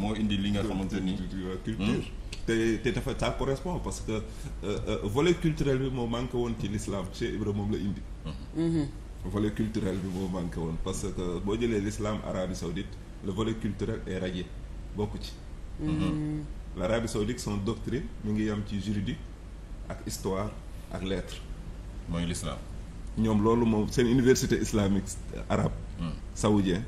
moo indi li nga xamante ni hmm? culture te te dafa ça correspond parce que euh, euh, volet culturel bi moo manqué woon ci l'islam Cheikh Ibra moom la indi mhm. volet culturel bi moo manqué woon parce que boo jëlee lislaam Arabie Saoudite le volet culturel est radié bokk ci la mhm. l'Arabie Saoudite son doctrine mu ngi am ci juridique ak histoire ak lettres mooy l'islam ñoom loolu moom seen université islamique arabe hmm. saoudien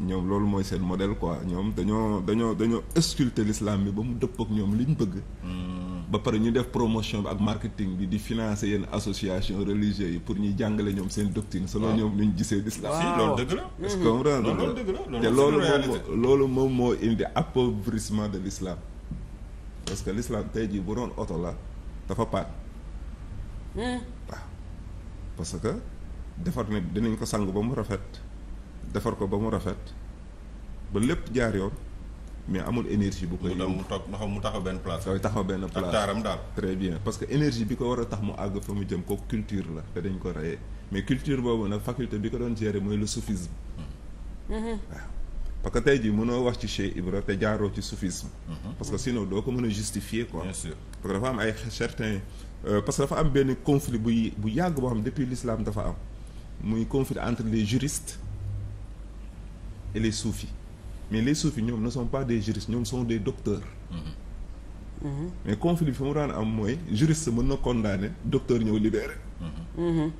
ñoom loolu mooy seen modèle quoi ñoom dañoo dañoo dañoo sculpter l'islam bi ba mu dëpp ak ñoom liñ bëgg. Hmm. ba pare ñu def promotion bi ak marketing bi di financé yenn association religieux yi pour ñuy jàngale ñoom seen doctrine. selon ñoom ñu gisee l'islam. la. Hmm. est-ce que comprendre nga te loolu moom loolu moom moo indi appauvrissement de l'islam parce que l'islam tey jii bu doon oto la dafa paan. Hmm. parce que defar ne dinañ ko sangu ba mu rafet. defar ko ba mu rafet ba lépp jaar yoon mais amul énergie bu koy. mu dem mu toog mu taxaw benn place. dafay taxaw benn place ak taaram daal. très bien parce que énergie bi ko war a tax mu àgg fa mu jëm ko culture la te dañ ko reyee mais culture boobu nag faculté bi ko doon gérer mooy le soufisme. Mm-hmm. waaw parce que tey jii mënoo wax ci Cheikh Ibra te jaaroo ci soufisme. Mm-hmm. parce que sinon doo ko mën a justifier ko bien parce que dafa am ay certains euh, parce que dafa am benn conflit buy bu yàgg boo xam depuis lislaam dafa am muy conflit entre les juristes. et les soufis mais les soufis ñoom na sont pas des juris ñoom sont de docteurs. Mm-hmm. mais conflit bi fi mu daan am mooy juriste mën na condamné docteur ñëw libéré. Mm-hmm.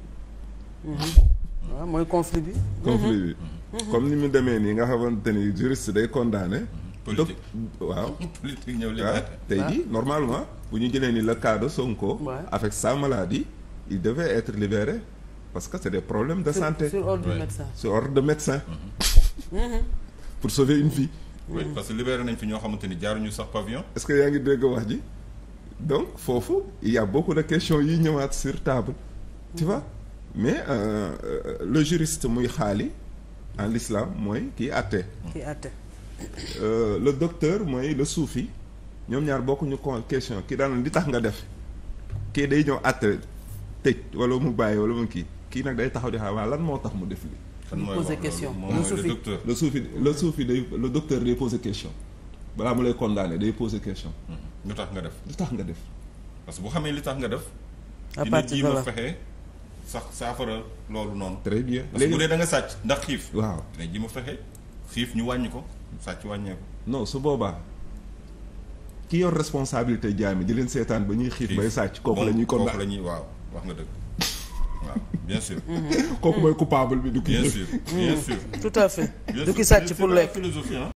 Mm-hmm. mooy conflit bi. comme ni mu demee nii nga xamante ni juriste day condamné. politique waaw. ñëw ah, libéré tey jii ah. normalement bu ñu jëlee ni le cas de Sonko. avec sa maladie il devait être libéré parce que c'est des problèmes de santé. sur ordre de médecin de médecin. pour sauver une vie. parce que libéré nañ fi ñoo xamante ni jaaruñu sax pavillon. est-ce que yaa ngi dégg wax ji donc foofu il y a question de ñëwaat sur table. fa mais euh, euh, le juriste muy xaali en l'islam mooy kii àtte. kii àtte. Euh, le docteur mooy le soufi ñoom ñaar bokkuñu ko question kii daan li tax nga def kii day ñëw àtte tëj wala mu bàyyi wala mu kii kii nag day taxaw di xaar lan moo tax mu def li ñu poser question le soufi le soufi le soufi day le docteur day poser question balaa mu lay condamné day poser question. Mm-hmm. lu tax nga def lu tax nga def. parce que bu xamee li tax nga def. à partir de là fexe sax saafara loolu noonu. très bien bu dee da nga sàcc ndax xiif. waaw dina ji ma fexe xiif ñu wàññi ko sàcc wàññeeku ko. su boobaa ki yor responsabilité jaami di leen seetaan ba ñuy xiif bay sàcc. kooku la ñuy condamné kooku la ñuy waaw wax nga dëgg. waaw bien sûr. kooku mooy coupable bi du. bien sûr bien tout à fait. du ki sàcc pour lekk philosophie